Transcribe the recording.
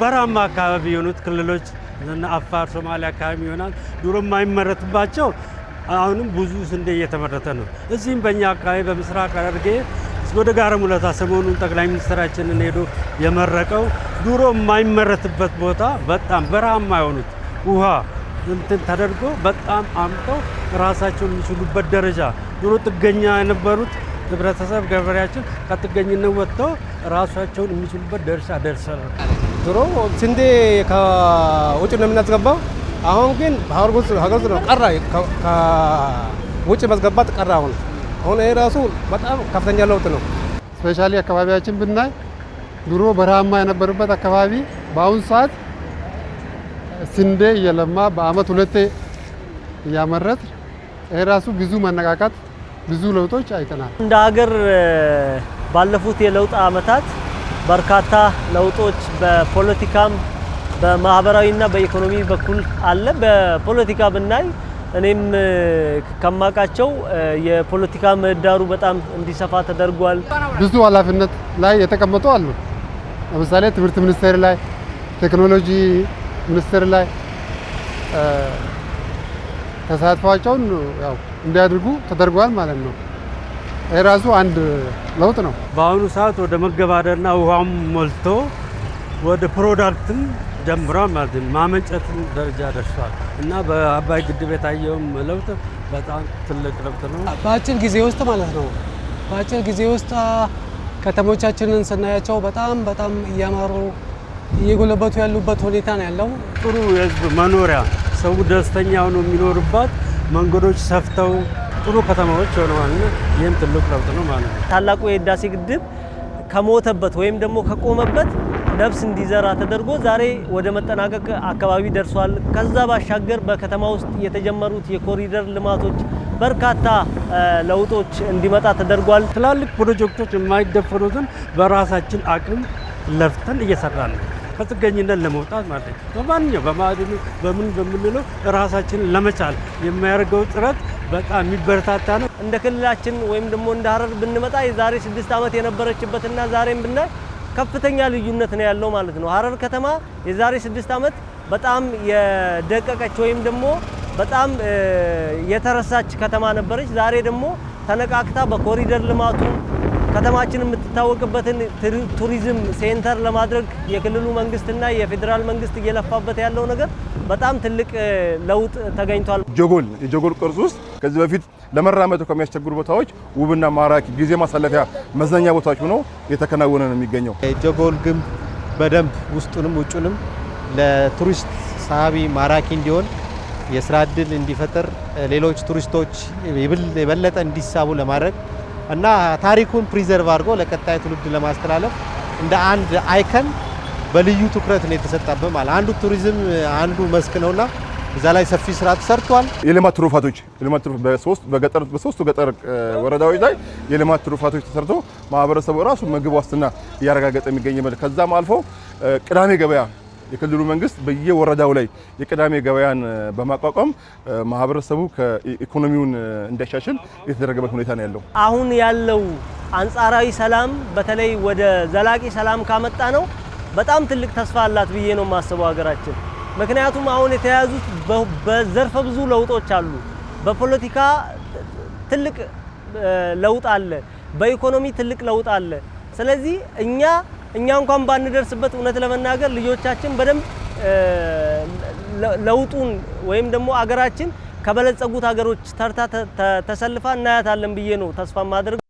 በራማ አካባቢ የሆኑት ክልሎች አፋር፣ ሶማሊያ አካባቢ ይሆናል ድሮ የማይመረትባቸው አሁንም ብዙ ስንዴ እየተመረተ ነው። እዚህም በእኛ አካባቢ በምስራቅ ሐረርጌ ወደ ጋራሙላታ ሰሞኑን ጠቅላይ ሚኒስትራችንን ሄዶ የመረቀው ድሮ የማይመረትበት ቦታ በጣም በረሃማ የሆኑት ውሃ እንትን ተደርጎ በጣም አምጠው ራሳቸውን የሚችሉበት ደረጃ ድሮ ጥገኛ የነበሩት ህብረተሰብ ገበሬያችን ከጥገኝነት ወጥቶ ራሳቸውን የሚችሉበት ደርሳ ደርሰን ድሮ ስንዴ ከውጭ ነው የምናስገባው። አሁን ግን ሀገር ውስጥ ነው ቀራ፣ ከውጭ ማስገባት ቀራ። አሁን አሁን ይሄ ራሱ በጣም ከፍተኛ ለውጥ ነው። ስፔሻሊ አካባቢያችን ብናይ ድሮ በረሃማ የነበረበት አካባቢ በአሁን ሰዓት ስንዴ እየለማ በአመት ሁለቴ እያመረት ይሄ ራሱ ብዙ መነቃቃት ብዙ ለውጦች አይተናል። እንደ ሀገር ባለፉት የለውጥ አመታት በርካታ ለውጦች በፖለቲካም በማህበራዊና በኢኮኖሚ በኩል አለ። በፖለቲካ ብናይ እኔም ከማውቃቸው የፖለቲካ ምህዳሩ በጣም እንዲሰፋ ተደርጓል። ብዙ ኃላፊነት ላይ የተቀመጡ አሉ። ለምሳሌ ትምህርት ሚኒስቴር ላይ፣ ቴክኖሎጂ ሚኒስቴር ላይ ተሳትፏቸውን ያው እንዲያድርጉ ተደርጓል ማለት ነው። የራሱ አንድ ለውጥ ነው። በአሁኑ ሰዓት ወደ መገባደርና ውሃም ሞልቶ ወደ ፕሮዳክትም ጀምሯል ማለት ነው። ማመንጨት ደረጃ ደርሷል እና በአባይ ግድብ የታየውም ለውጥ በጣም ትልቅ ለውጥ ነው። በአጭር ጊዜ ውስጥ ማለት ነው። በአጭር ጊዜ ውስጥ ከተሞቻችንን ስናያቸው በጣም በጣም እያማሩ እየጎለበቱ ያሉበት ሁኔታ ነው ያለው። ጥሩ የህዝብ መኖሪያ ሰው ደስተኛ ሆኖ የሚኖርባት መንገዶች ሰፍተው ጥሩ ከተማዎች ሆነዋል። ይህም ትልቅ ለውጥ ነው ማለት ነው። ታላቁ የህዳሴ ግድብ ከሞተበት ወይም ደግሞ ከቆመበት ነፍስ እንዲዘራ ተደርጎ ዛሬ ወደ መጠናቀቅ አካባቢ ደርሷል። ከዛ ባሻገር በከተማ ውስጥ የተጀመሩት የኮሪደር ልማቶች በርካታ ለውጦች እንዲመጣ ተደርጓል። ትላልቅ ፕሮጀክቶች የማይደፈሩትን በራሳችን አቅም ለፍተን እየሰራ። ነው። ከጥገኝነት ለመውጣት ማለት ነው። በማንኛው በማዕድኑ በምን በምንለው ራሳችንን ለመቻል የሚያደርገው ጥረት በጣም የሚበረታታ ነው። እንደ ክልላችን ወይም ደግሞ እንደ ሀረር ብንመጣ የዛሬ ስድስት ዓመት የነበረችበትና ዛሬም ብናይ ከፍተኛ ልዩነት ነው ያለው ማለት ነው። ሀረር ከተማ የዛሬ ስድስት ዓመት በጣም የደቀቀች ወይም ደግሞ በጣም የተረሳች ከተማ ነበረች። ዛሬ ደግሞ ተነቃቅታ በኮሪደር ልማቱ ከተማችን የምትታወቅበትን ቱሪዝም ሴንተር ለማድረግ የክልሉ መንግስትና የፌዴራል መንግስት እየለፋበት ያለው ነገር በጣም ትልቅ ለውጥ ተገኝቷል። ጀጎል የጀጎል ቅርጽ ውስጥ ከዚህ በፊት ለመራመድ ከሚያስቸግሩ ቦታዎች ውብና ማራኪ ጊዜ ማሳለፊያ መዝናኛ ቦታዎች ሆኖ የተከናወነ ነው የሚገኘው። የጀጎል ግንብ በደንብ ውስጡንም ውጩንም ለቱሪስት ሳቢ ማራኪ እንዲሆን የስራ እድል እንዲፈጥር ሌሎች ቱሪስቶች የበለጠ እንዲሳቡ ለማድረግ እና ታሪኩን ፕሪዘርቭ አድርጎ ለቀጣይ ትውልድ ለማስተላለፍ እንደ አንድ አይከን በልዩ ትኩረት ነው የተሰጠበት። ማለት አንዱ ቱሪዝም አንዱ መስክ ነውና እዛ ላይ ሰፊ ስራ ተሰርቷል። የልማት ትሩፋቶች የልማት ትሩፋት በሶስቱ ገጠር ወረዳዎች ላይ የልማት ትሩፋቶች ተሰርቶ ማህበረሰቡ ራሱ ምግብ ዋስትና እያረጋገጠ የሚገኝበት ከዛም አልፎ ቅዳሜ ገበያ የክልሉ መንግስት በየወረዳው ላይ የቅዳሜ ገበያን በማቋቋም ማህበረሰቡ ኢኮኖሚውን እንዲያሻሽል የተደረገበት ሁኔታ ነው ያለው። አሁን ያለው አንጻራዊ ሰላም በተለይ ወደ ዘላቂ ሰላም ካመጣ ነው በጣም ትልቅ ተስፋ አላት ብዬ ነው የማስበው ሀገራችን። ምክንያቱም አሁን የተያዙት በዘርፈ ብዙ ለውጦች አሉ። በፖለቲካ ትልቅ ለውጥ አለ፣ በኢኮኖሚ ትልቅ ለውጥ አለ። ስለዚህ እኛ እኛ እንኳን ባንደርስበት እውነት ለመናገር ልጆቻችን በደንብ ለውጡን ወይም ደግሞ አገራችን ከበለጸጉት ሀገሮች ተርታ ተሰልፋ እናያታለን ብዬ ነው ተስፋ ማድረግ